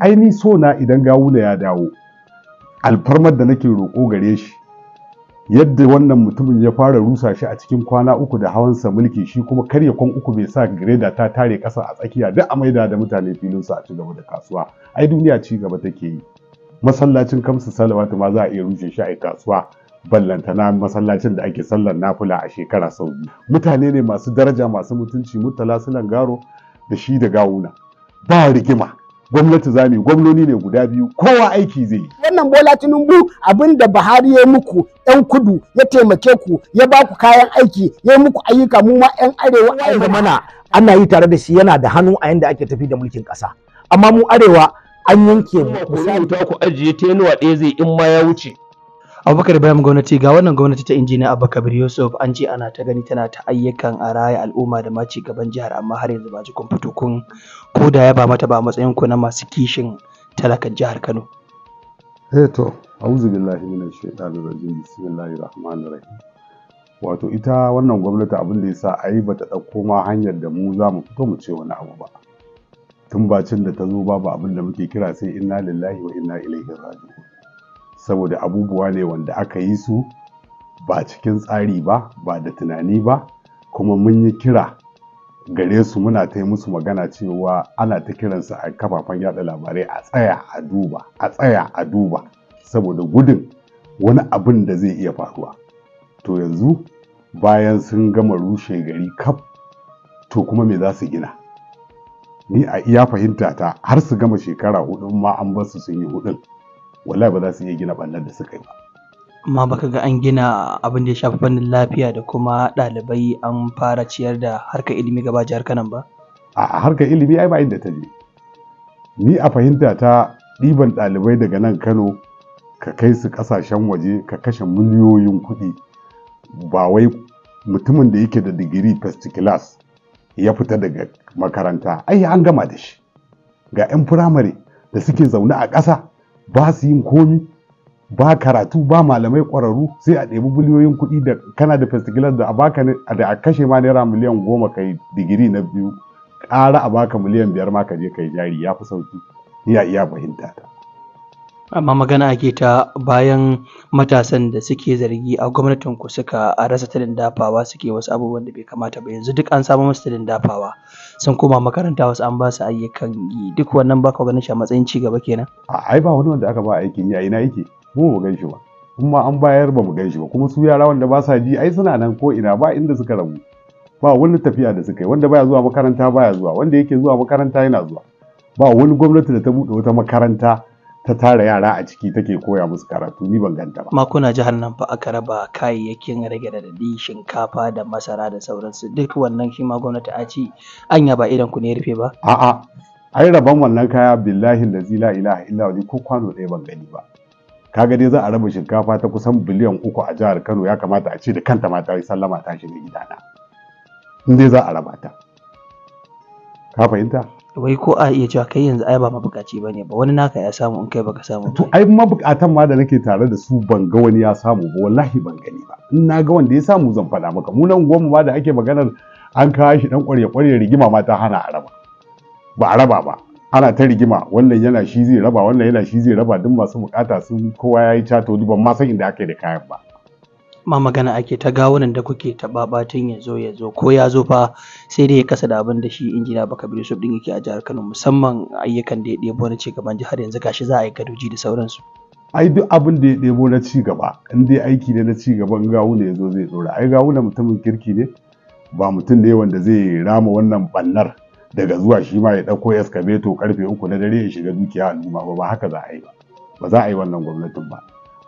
aini so na idan gawula ya dawo alfarmar da nake roƙo gare shi yadda wannan mutumin ya fara rusa shi a cikin kwana uku da hawan sa mulki shi kuma karya kwan uku bai sa greda ta tare ƙasa a tsakiya duk a maida da mutane filin su a ci gaba da kasuwa ai duniya ci gaba take yi masallacin kamsu salawatu ma za a iya rushe shi a kasuwa ballantana masallacin da ake sallar nafula a shekara sau biyu mutane ne masu daraja masu mutunci murtala sulan garo da shi da gawuna ba rigima gwamnati za mu gwamnoni ne guda biyu kowa aiki zai yi wannan bola tinubu abin da buhari ya yi muku yan kudu ya taimake ku ya ba ku kayan aiki ya yi muku ayyuka mu ma yan arewa a mana ana yi tare da shi yana da hannu a yanda ake tafi da mulkin ƙasa amma mu arewa an yanke mu ku ajiye tenuwa ɗaya zai in ma ya wuce abubakar bayan gwamnati ga wannan gwamnati ta injiniya abubakar yusuf an ce ana ta gani tana ta ayyukan a raya al'umma da maci gaban jihar amma har yanzu ba ji kun fito kun ko da ya ba mata ba matsayin ku na masu kishin talakan jihar kano eh to auzu billahi minash shaitanir rajim bismillahir rahmanir rahim wato ita wannan gwamnati abin da yasa ai bata dauko ma hanyar da mu za mu fito mu ce wani abu ba tun bacin da ta zo babu abin da muke kira sai inna lillahi wa inna ilaihi raji'un saboda abubuwa ne wanda aka yi su ba cikin tsari ba ba da tunani ba kuma mun yi kira gare su muna ta yi musu magana cewa ana ta kiransu a kafafen yada labarai a tsaya a duba a tsaya a duba saboda gudun wani abin da zai iya faruwa to yanzu bayan sun gama rushe gari kaf to kuma me za su gina ni a iya fahimta ta har su gama shekara hudun ma an basu sun yi hudun wallahi ba za su iya gina ɓannar da suka yi ba amma baka ga an gina abin da ya shafi fannin lafiya da kuma ɗalibai an fara ciyar da harkar ilimi gaba jihar kanan ba a harka ilimi ai ba inda ta je ni a fahimta ta ɗiban ɗalibai daga nan kano ka kai su ƙasashen waje ka kashe miliyoyin kuɗi ba wai mutumin da yake da digiri first class ya fita daga makaranta ai an gama da shi ga 'yan firamare da suke zaune a ƙasa ba su yin komi ba karatu ba malamai ƙwararru sai a ɗebi biliyoyin kuɗi da kana da festigilar da a baka da a kashe ma naira miliyan goma kai digiri na biyu ƙara a baka miliyan biyar ma ka je kai jari ya fi sauki ya iya fahimta ta amma magana ake ta bayan matasan da suke zargi a gwamnatin ku suka rasa talin dafawa suke wasu abubuwan da bai kamata ba yanzu duk an samu musu talin dafawa sun koma makaranta wasu an ba su ayyukan yi duk wannan baka ganin shi a matsayin ci gaba kenan ai ba wani wanda aka ba aikin yi a ina yake mu ba gan shi ba kuma an bayar ba mu gan shi ba kuma su yara wanda ba sa ji ai suna nan ko ina ba inda suka rabu ba wani tafiya da suka yi wanda baya zuwa makaranta baya zuwa wanda yake zuwa makaranta yana zuwa ba wani gwamnati da ta buɗe wata makaranta ta tara yara a ciki take koya musu karatu ni ban ganta ba. Makuna jihar nan fa aka raba kayayyakin rage radadi shinkafa da masara da sauransu duk wannan shi ma gwamnati a ci anya ba idan ku ne rufe ba. A'a ai rabon wannan kaya billahi lazi la ilaha illa wani ko kwano ɗaya ban gani ba. Kaga dai za a raba shinkafa ta kusan biliyan uku a jihar Kano ya kamata a ce da kanta ma ta yi sallama ta shiga gidana. In dai za a raba ta. ka fahimta wai ko a iya cewa kai yanzu ai ba mabukaci bane ba wani naka ya samu in kai baka samu to ai mabukatan ma da nake tare da su ban ga wani ya samu ba wallahi ban gani ba in na ga wanda ya samu zan faɗa maka mu nan goma ma da ake maganar an kawo shi dan kwarya ƙwarya rigima ma ta hana a raba ba a raba ba ana ta rigima wannan yana shi zai raba wannan yana shi zai raba duk masu bukata sun kowa ya yi cato duban ma san inda aka yi da kayan ba ma magana ake ta gawunan da kuke taɓaɓatin ya zo ya zo ko ya zo fa sai dai ya kasa da abin da shi injina baka bi su din yake a jihar kano musamman ayyukan da ya ɗebo na cigaban jihar yanzu gashi za a yi gadoji da sauransu. ai duk abin da ya ɗebo na cigaba in dai aiki ne na cigaban gawuna ya zo zai ɗora ai gawuna mutumin kirki ne ba mutum ne wanda zai rama wannan ɓannar daga zuwa shi ma ya ɗauko eskabeto karfe uku na dare ya shiga dukiya al'umma ba ba haka za a yi ba ba za a yi wannan gwamnatin ba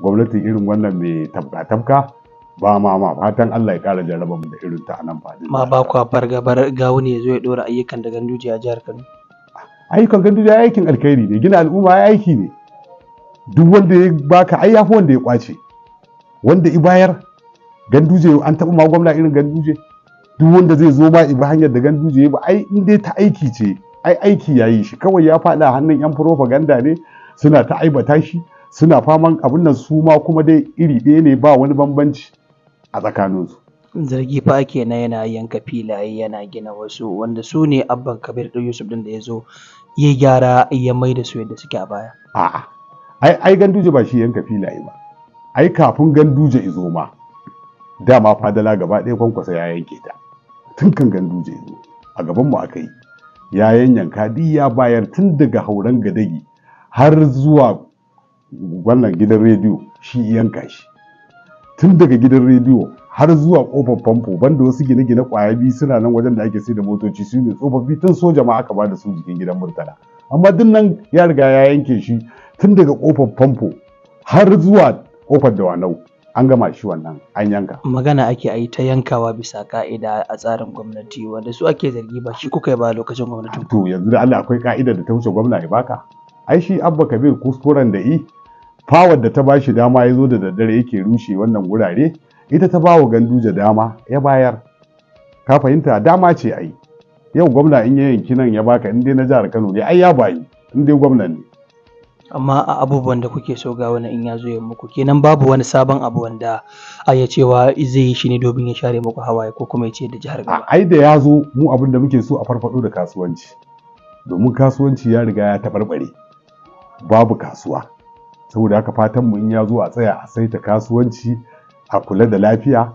gwamnatin irin wannan mai tafka-tafka ba ma ma fatan Allah ya ƙara jarraba mu da irin ta anan fadin ma ba kwa fargabar gawo ya zo ya dora ayyukan da ganduje a jihar Kano ayyukan ganduje aikin alkhairi ne gina al'umma ya aiki ne duk wanda ya baka ai yafi wanda ya kwace wanda i bayar ganduje an taɓa ma gwamna irin ganduje duk wanda zai zo ma ba hanyar da ganduje ba ai in dai ta aiki ce ai aiki yayi shi kawai ya faɗa hannun yan propaganda ne suna ta aibata shi suna faman abin nan su ma kuma dai iri ɗaya ne ba wani bambanci a tsakaninsu. zargi fa ake na yana yanka filaye yana gina wasu wanda su ne abban kabir ɗin yusuf ɗin da ya zo ya gyara ya mai da su yadda suke a baya a'a ai ai ganduje ba shi yanka filaye ba ai kafin ganduje izo ma dama fadala gaba ɗaya kwankwasa ya yanke ta tun kan ganduje izo a gaban mu aka yi ya yanyanka duk ya bayar tun daga hauren gadagi har zuwa wannan gidan rediyo shi yanka shi tun daga gidan rediyo har zuwa kofar famfo banda wasu gine-gine kwaya biyu suna nan wajen da ake sai da motoci su ne tsofaffi tun soja ma aka ba da su jikin gidan murtala amma din nan ya riga ya yanke shi tun daga kofar famfo har zuwa kofar dawanau an gama shi wannan an yanka magana ake ayi ta yankawa bisa ka'ida a tsarin gwamnati wanda su ake zargi ba shi kuka yi ba lokacin gwamnati to yanzu da Allah akwai ka'ida da ta wuce gwamna ya baka ai shi abba kabir kuskuren da i Fawar da ta bashi dama ya zo da daddare yake rushe wannan wurare, ita ta bawa Ganduje dama ya bayar. Ka fahimta dama ce ai. Yau gwamna in ya yanki nan ya baka in dai na jihar Kano ne ai ya bayi in dai gwamna ne. amma a abubuwan da kuke so ga wani in ya zo muku kenan babu wani sabon abu wanda a ya cewa zai yi shi ne domin ya share muku hawaye ko kuma ya ce da jihar gaba ai da ya zo mu abin da muke so a farfado da kasuwanci domin kasuwanci ya riga ya taɓarɓare babu kasuwa saboda haka fatan mu in ya zo a tsaya a saita kasuwanci a kula da lafiya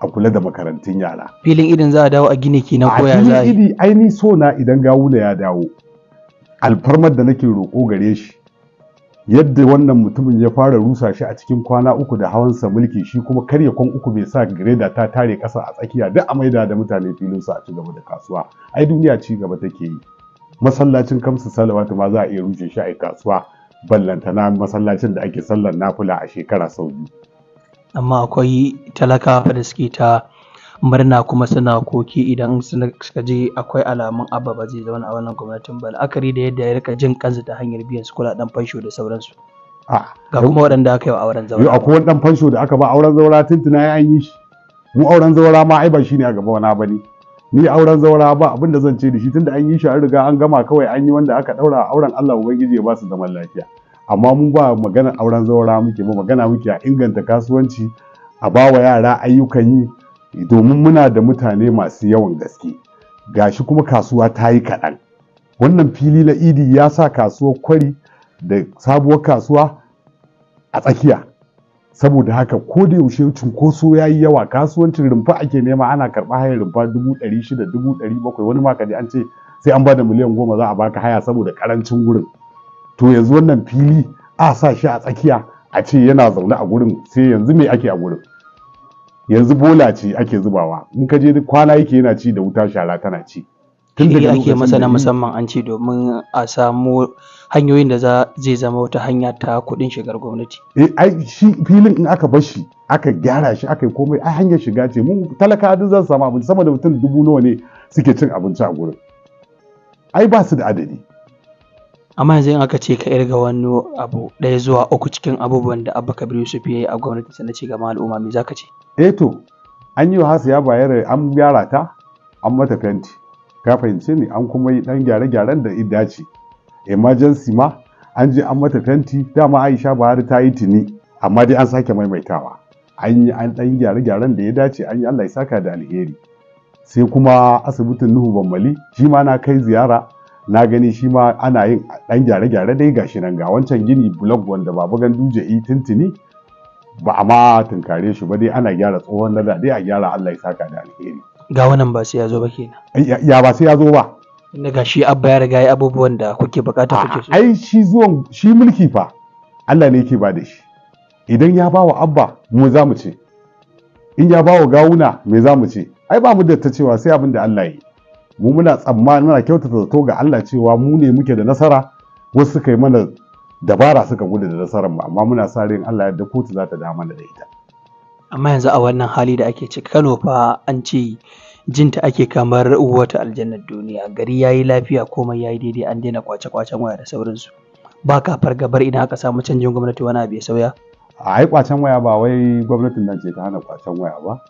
a kula da makarantun yara filin idin za a dawo a gine ke na koya za a yi aini so na idan gawuna ya dawo alfarmar da nake roƙo gare shi yadda wannan mutumin ya fara rusa shi a cikin kwana uku da hawansa mulki shi kuma karya kwan uku bai sa greda ta tare ƙasa a tsakiya duk a maida da mutane filin su a ci gaba da kasuwa ai duniya ci gaba take yi masallacin kamsu salawatu ma za a iya rushe shi a kasuwa ballantana masallacin da ake sallar nafula a shekara sau biyu amma akwai talakawa da suke ta murna kuma suna koki idan suka je akwai alamun abba ba zai zauna a wannan gwamnatin ba la'akari da yadda ya rika jin kansu ta hanyar biyan su kuɗaɗen fansho da sauransu ga kuma waɗanda aka yi wa auren zaura akwai wani ɗan fansho da aka ba auren zaura tuntuna ya yi shi mu auren zaura ma ai ba ne a gaba wani bane ni auren zaura ba abin da zan ce da shi tunda an yi shi an riga an gama kawai an yi wanda aka ɗaura auren Allah ubangiji ya ba su zaman lafiya amma mun ba magana auren zaura muke ba magana muke a inganta kasuwanci a ba wa yara ayyukan yi domin muna da mutane masu yawan gaske gashi kuma kasuwa ta yi kaɗan wannan fili na idi ya sa kasuwar kwari da sabuwar kasuwa a tsakiya saboda haka ko da yaushe cunkoso ya yi yawa kasuwancin rumfa ake nema ana karɓar hayar rumfa dubu ɗari shida dubu ɗari bakwai wani ma an ce sai an ba da miliyan goma za a baka haya saboda ƙarancin wurin to yanzu wannan fili a sa shi a tsakiya a ce yana zaune a gurin sai yanzu me ake a gurin yanzu bola ce ake zubawa in ka je kwana yake yana ci da wuta shara tana ci tun da ake masa na musamman an ce domin a samu hanyoyin da zai zama wata hanya ta kuɗin shigar gwamnati eh ai shi filin in aka bar shi aka gyara shi aka yi komai ai hanyar shiga ce mun talaka duk zan samu abinci sama da mutum dubu nawa ne suke cin abinci a gurin ai ba su da adadi amma yanzu in aka ce ka irga wani abu ɗaya zuwa uku cikin abubuwan da abba Kabiru yusuf ya yi a gwamnatinsa na cigaban al'umma me zaka ce eh to an yi wa ya bayar an gyara ta an mata fenti ka fahimce ni an kuma yi ɗan gyare-gyaren da idda ce emergency ma an je an mata fenti dama aisha buhari ta yi tuni amma dai an sake maimaitawa an yi an gyare-gyaren da ya dace an yi allah ya saka da alheri sai kuma asibitin nuhu bammali shi ma na kai ziyara na gani shi ma ana yin ɗan gyare-gyare dai shi nan ga wancan gini blog wanda baba ganduje yi tuntuni ba a ma tunkare shi ba dai ana gyara tsohon na dai a gyara Allah ya saka da alheri ga wannan ba sai ya zo ba kenan ya ba sai ya zo ba inda ga shi abba ya riga ya abubuwan da kuke bukata kuke so ai shi zuwan shi mulki fa Allah ne yake ba da shi idan ya bawa abba mu za mu ce in ya bawa gawuna me za mu ce ai ba mu da ta cewa sai abin da Allah ya yi mu muna tsammani muna kyautata zato ga Allah cewa mu ne muke da nasara wasu suka yi mana dabara suka gudu da nasarar mu amma muna sa rin Allah yadda kotu za ta da mana da ita amma yanzu a wannan hali da ake ciki Kano fa an ce jinta ake kamar wata aljannar duniya gari yayi lafiya komai yayi daidai an daina kwace kwacen waya da sauransu ba ka fargabar idan aka samu canjin gwamnati wani abu ya sauya a yi kwacen waya ba wai gwamnatin nan ce ta hana kwacen waya ba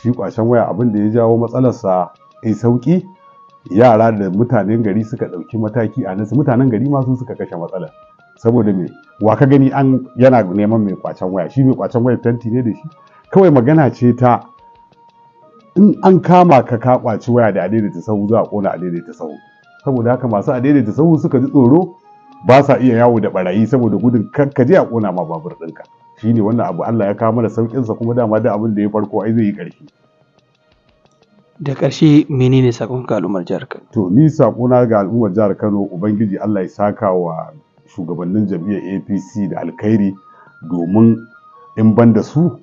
shi kwacen waya abin da ya jawo matsalarsa ai sauki yara da mutanen gari suka ɗauki mataki a nan mutanen gari ma suka kashe matsalar saboda me wa ka gani an yana neman mai kwacen waya shi mai kwacen waya tanti ne da shi kawai magana ce ta in an kama ka ka kwaci waya da adaidaita sahu za a kona adaidaita sahu saboda haka masu adaidaita sahu suka ji tsoro ba sa iya yawo da barayi saboda gudun ka je a kona ma babur ɗinka ne wannan abu Allah ya kawo mana sauƙinsa kuma dama da abin da ya farko ai zai yi ƙarfi da ƙarshe menene sakon ga al'ummar jihar Kano to ni sakona ga al'ummar jihar Kano ubangiji Allah ya saka wa shugabannin jam'iyyar APC da alkhairi domin in ban da su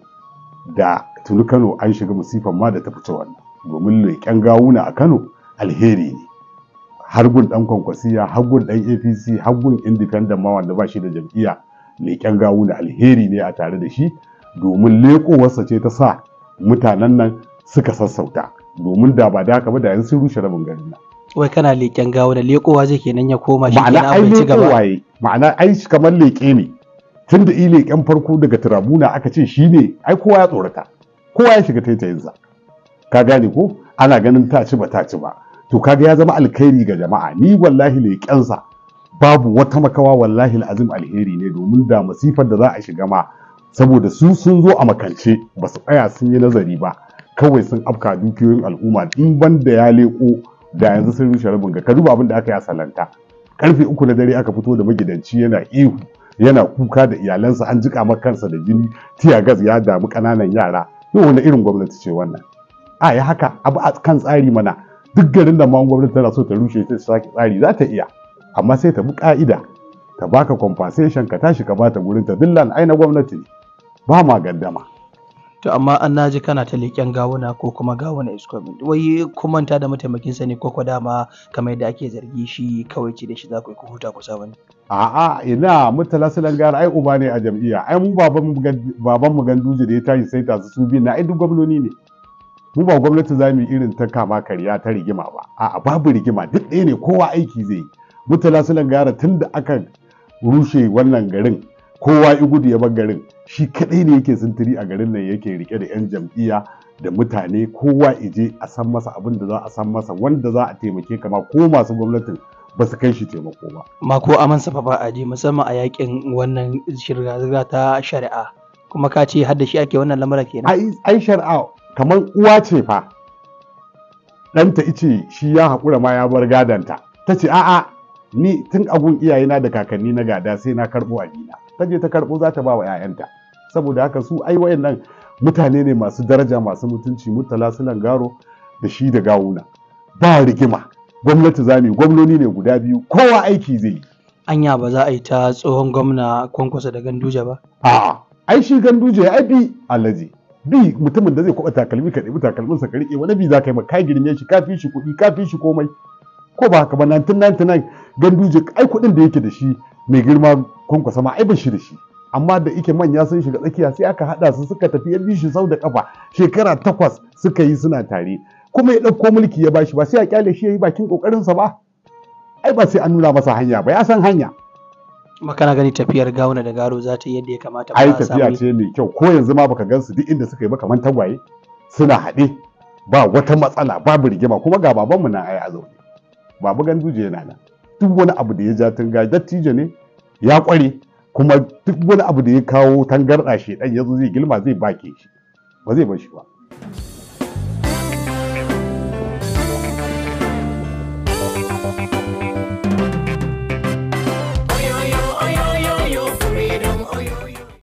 da tuni Kano an shiga musifan ma da ta fice wannan domin leƙen gawuna a Kano alheri ne Hargun ɗan kwankwasiya hargun ɗan APC hargun indifendan independent ma wanda ba shi da jam'iyya leƙen gawuna alheri ne a tare da shi domin leƙowarsa ce ta sa mutanen nan suka sassauta domin da ba da haka ba da yanzu sun rushe rabin garin nan wai kana leƙen gawo da leƙowa zai kenan ya koma shi kenan abin ci gaba ma'ana ai kamar leƙe ne tun da leƙen farko daga turabuna aka ce shi ne ai kowa ya tsorata kowa ya shiga taitayinsa ka gane ko ana ganin ta ci ba ta ci ba to kaga ya zama alkhairi ga jama'a ni wallahi leƙensa babu wata makawa wallahi azim alheri ne domin da masifar da za a shiga ma saboda su sun zo a makance ba su tsaya sun yi nazari ba kawai sun afka dukiyoyin al'umma in ban da ya leƙo da yanzu sun rushe rabin ga ka abin da aka yi a salanta karfe uku na dare aka fito da magidanci yana ihu yana kuka da iyalansa an jika maka kansa da jini tiya gas ya damu kananan yara yau wani irin gwamnati ce wannan a ya haka abu a kan tsari mana duk garin da man gwamnati tana so ta rushe ta sake tsari za ta iya amma sai ta bi ka'ida ta baka compensation ka tashi ka bata gurin ta dillan ai na gwamnati ne ba ma gaddama to amma an naji kana ta leƙen gawuna ko kuma gawuna iskomin wai ku manta da mataimakinsa ne ko ko dama kamar yadda ake zargi shi kawai ce da shi za ku yi ku huta ku sa wani. a'a ina mutala sunan gara ai uba ne a jam'iyya ai mu baban baban mu ganduje da ya tashi sai ta su bi na ai duk gwamnoni ne mu ba gwamnati za mu yi irin ta kama karya ta rigima ba a'a babu rigima duk ɗaya ne kowa aiki zai yi mutala sunan gara tun da aka rushe wannan garin kowa igudu ya bar garin shi kadai ne yake sintiri a garin nan yake rike da 'yan jam'iyya da mutane kowa ije a san masa abin da za a san masa wanda za a taimake kama ko masu gwamnatin ba su kai shi taimako ba. Ma ko aman safa ba a musamman a yakin wannan shirga ta shari'a kuma ka ce har da shi ake wannan lamura kenan. Ai shari'a kamar uwa ce fa ɗanta ice shi ya haƙura ma ya bar gadanta ta ce a'a ni tun abun iyayena da kakanni na gada sai na karɓo a dina. ta je ta karɓo za ta ba wa 'ya'yanta saboda haka su ai wayannan mutane ne masu daraja masu mutunci mutala sunan garo da shi da gawuna ba rigima gwamnati za gwamnoni ne guda biyu kowa aiki zai yi anya ba za a yi ta tsohon gwamna kwankwasa da ganduje ba a ai shi ganduje ai bi alaji bi mutumin da zai kwaba takalmi ka ɗebi takalminsa ka riƙe wani bi za ka yi ka girme shi ka fi shi kuɗi ka fi shi komai ko ba haka ba 1999 ganduje ai kuɗin da yake da shi mai girma kwankwasa ma ai shi da shi amma da ike manya sun shiga tsakiya sai aka hada su suka tafi ya bi shi sau da kafa shekara takwas suka yi suna tare kuma ya ɗauko mulki ya bashi ba sai a kyale shi ya yi bakin ƙoƙarinsa ba ai ba sai an nuna masa hanya ba ya san hanya makana gani tafiyar gawuna da garo za ta yadda ya kamata ai tafiya ce mai kyau ko yanzu ma baka gansu duk inda suka yi ba kamar tagwaye suna haɗe ba wata matsala babu rigima kuma ga babanmu na ai a zaune babu ganduje yana nan duk wani abu da ya ja tun dattijo ne ya kware kuma duk wani abu da ya kawo tangarɗa shi ɗan yanzu zai girma zai bake shi ba zai bar shi ba